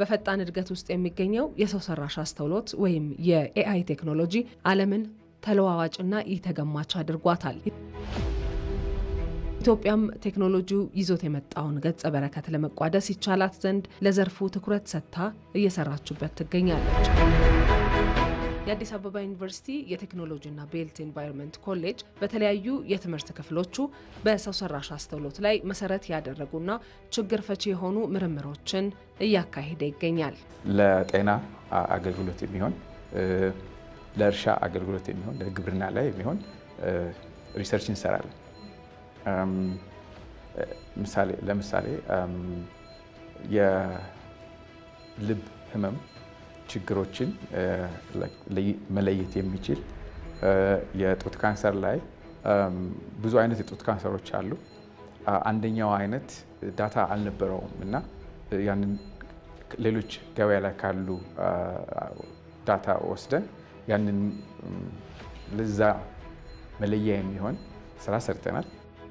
በፈጣን እድገት ውስጥ የሚገኘው የሰው ሰራሽ አስተውሎት ወይም የኤአይ ቴክኖሎጂ ዓለምን ተለዋዋጭና ኢተገማች አድርጓታል። ኢትዮጵያም ቴክኖሎጂው ይዞት የመጣውን ገጸ በረከት ለመቋደስ ይቻላት ዘንድ ለዘርፉ ትኩረት ሰጥታ እየሰራችበት ትገኛለች። የአዲስ አበባ ዩኒቨርሲቲ የቴክኖሎጂና ቤልት ኤንቫይሮንመንት ኮሌጅ በተለያዩ የትምህርት ክፍሎቹ በሰው ሰራሽ አስተውሎት ላይ መሰረት ያደረጉና ችግር ፈቺ የሆኑ ምርምሮችን እያካሄደ ይገኛል። ለጤና አገልግሎት የሚሆን ለእርሻ አገልግሎት የሚሆን ለግብርና ላይ የሚሆን ሪሰርች እንሰራለን። ለምሳሌ የልብ ህመም ችግሮችን መለየት የሚችል የጡት ካንሰር ላይ ብዙ አይነት የጡት ካንሰሮች አሉ። አንደኛው አይነት ዳታ አልነበረውም እና ያንን ሌሎች ገበያ ላይ ካሉ ዳታ ወስደን ያንን ለዛ መለያ የሚሆን ስራ ሰርተናል።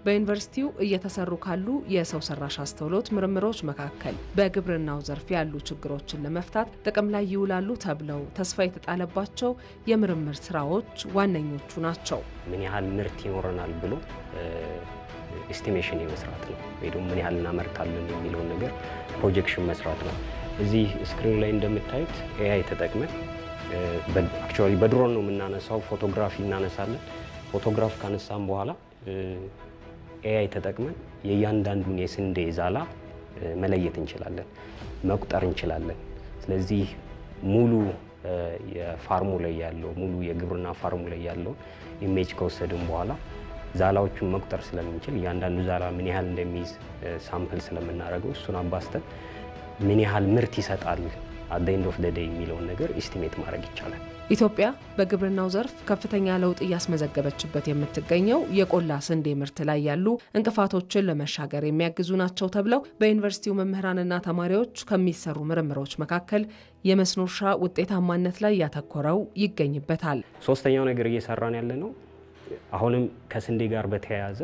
በዩኒቨርሲቲው እየተሰሩ ካሉ የሰው ሰራሽ አስተውሎት ምርምሮች መካከል በግብርናው ዘርፍ ያሉ ችግሮችን ለመፍታት ጥቅም ላይ ይውላሉ ተብለው ተስፋ የተጣለባቸው የምርምር ስራዎች ዋነኞቹ ናቸው። ምን ያህል ምርት ይኖረናል ብሎ ኤስቲሜሽን የመስራት ነው ወይ ደግሞ ምን ያህል እናመርታለን የሚለውን ነገር ፕሮጀክሽን መስራት ነው። እዚህ ስክሪኑ ላይ እንደምታዩት ኤአይ ተጠቅመን አክቹዋሊ በድሮን ነው የምናነሳው። ፎቶግራፊ እናነሳለን። ፎቶግራፍ ካነሳም በኋላ ኤአይ ተጠቅመን የእያንዳንዱን የስንዴ ዛላ መለየት እንችላለን፣ መቁጠር እንችላለን። ስለዚህ ሙሉ የፋርሙ ላይ ያለው ሙሉ የግብርና ፋርሙ ላይ ያለው ኢሜጅ ከወሰድን በኋላ ዛላዎቹን መቁጠር ስለምንችል እያንዳንዱ ዛላ ምን ያህል እንደሚይዝ ሳምፕል ስለምናደርገው እሱን አባስተን ምን ያህል ምርት ይሰጣል አት ኤንድ ኦፍ ደደ የሚለውን ነገር ኢስቲሜት ማድረግ ይቻላል። ኢትዮጵያ በግብርናው ዘርፍ ከፍተኛ ለውጥ እያስመዘገበችበት የምትገኘው የቆላ ስንዴ ምርት ላይ ያሉ እንቅፋቶችን ለመሻገር የሚያግዙ ናቸው ተብለው በዩኒቨርሲቲው መምህራንና ተማሪዎች ከሚሰሩ ምርምሮች መካከል የመስኖ እርሻ ውጤታማነት ላይ ያተኮረው ይገኝበታል። ሶስተኛው ነገር እየሰራን ያለ ነው። አሁንም ከስንዴ ጋር በተያያዘ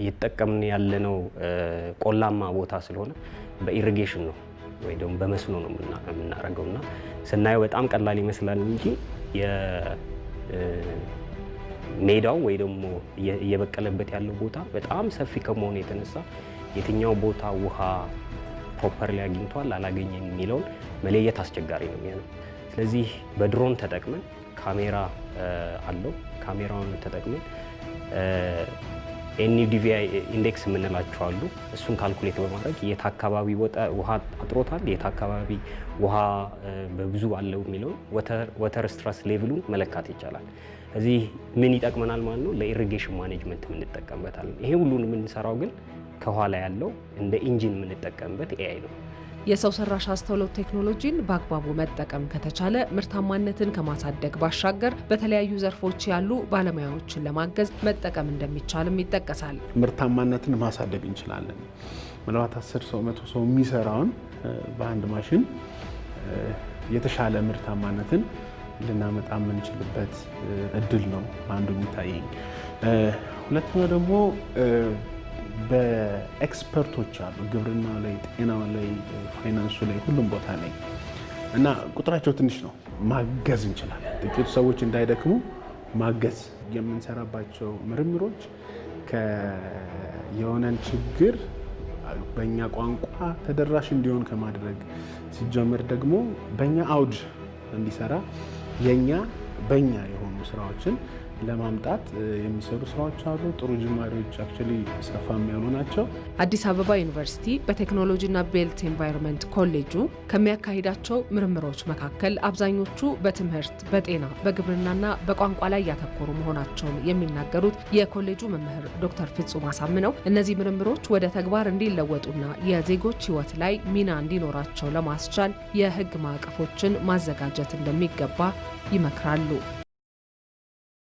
እየተጠቀምን ያለነው ቆላማ ቦታ ስለሆነ በኢሪጌሽን ነው ወይ ደግሞ በመስኖ ነው የምናደርገው እና ስናየው በጣም ቀላል ይመስላል እንጂ ሜዳው ወይ ደግሞ እየበቀለበት ያለው ቦታ በጣም ሰፊ ከመሆኑ የተነሳ የትኛው ቦታ ውሃ ፕሮፐርሊ አግኝቷል አላገኘም የሚለውን መለየት አስቸጋሪ ነው የሚሆነው። ስለዚህ በድሮን ተጠቅመን ካሜራ አለው ካሜራውን ተጠቅመን ኤንዲቪአይ ኢንዴክስ የምንላቸው አሉ። እሱን ካልኩሌት በማድረግ የት አካባቢ ውሃ አጥሮታል፣ የት አካባቢ ውሃ በብዙ አለው የሚለውን ወተር ስትረስ ሌቭሉን መለካት ይቻላል። እዚህ ምን ይጠቅመናል ማለት ነው? ለኢሪጌሽን ማኔጅመንት የምንጠቀምበታል። ይሄ ሁሉን የምንሰራው ግን ከኋላ ያለው እንደ ኢንጂን የምንጠቀምበት ኤአይ ነው። የሰው ሰራሽ አስተውሎት ቴክኖሎጂን በአግባቡ መጠቀም ከተቻለ ምርታማነትን ከማሳደግ ባሻገር በተለያዩ ዘርፎች ያሉ ባለሙያዎችን ለማገዝ መጠቀም እንደሚቻልም ይጠቀሳል። ምርታማነትን ማሳደግ እንችላለን። ምናልባት አስር ሰው መቶ ሰው የሚሰራውን በአንድ ማሽን የተሻለ ምርታማነትን ልናመጣ የምንችልበት እድል ነው አንዱ የሚታየኝ። ሁለተኛው ደግሞ በኤክስፐርቶች አሉ። ግብርና ላይ፣ ጤና ላይ፣ ፋይናንሱ ላይ ሁሉም ቦታ ላይ እና ቁጥራቸው ትንሽ ነው። ማገዝ እንችላለን። ጥቂቱ ሰዎች እንዳይደክሙ ማገዝ የምንሰራባቸው ምርምሮች የሆነን ችግር በእኛ ቋንቋ ተደራሽ እንዲሆን ከማድረግ ሲጀምር ደግሞ በእኛ አውድ እንዲሰራ የእኛ በእኛ የሆኑ ስራዎችን ለማምጣት የሚሰሩ ስራዎች አሉ። ጥሩ ጅማሬዎች አክቹዋሊ ሰፋ የሚሆኑ ናቸው። አዲስ አበባ ዩኒቨርሲቲ በቴክኖሎጂና ቤልት ኤንቫይሮንመንት ኮሌጁ ከሚያካሂዳቸው ምርምሮች መካከል አብዛኞቹ በትምህርት፣ በጤና፣ በግብርናና በቋንቋ ላይ ያተኮሩ መሆናቸውን የሚናገሩት የኮሌጁ መምህር ዶክተር ፍጹም አሳምነው እነዚህ ምርምሮች ወደ ተግባር እንዲለወጡና የዜጎች ሕይወት ላይ ሚና እንዲኖራቸው ለማስቻል የህግ ማዕቀፎችን ማዘጋጀት እንደሚገባ ይመክራሉ።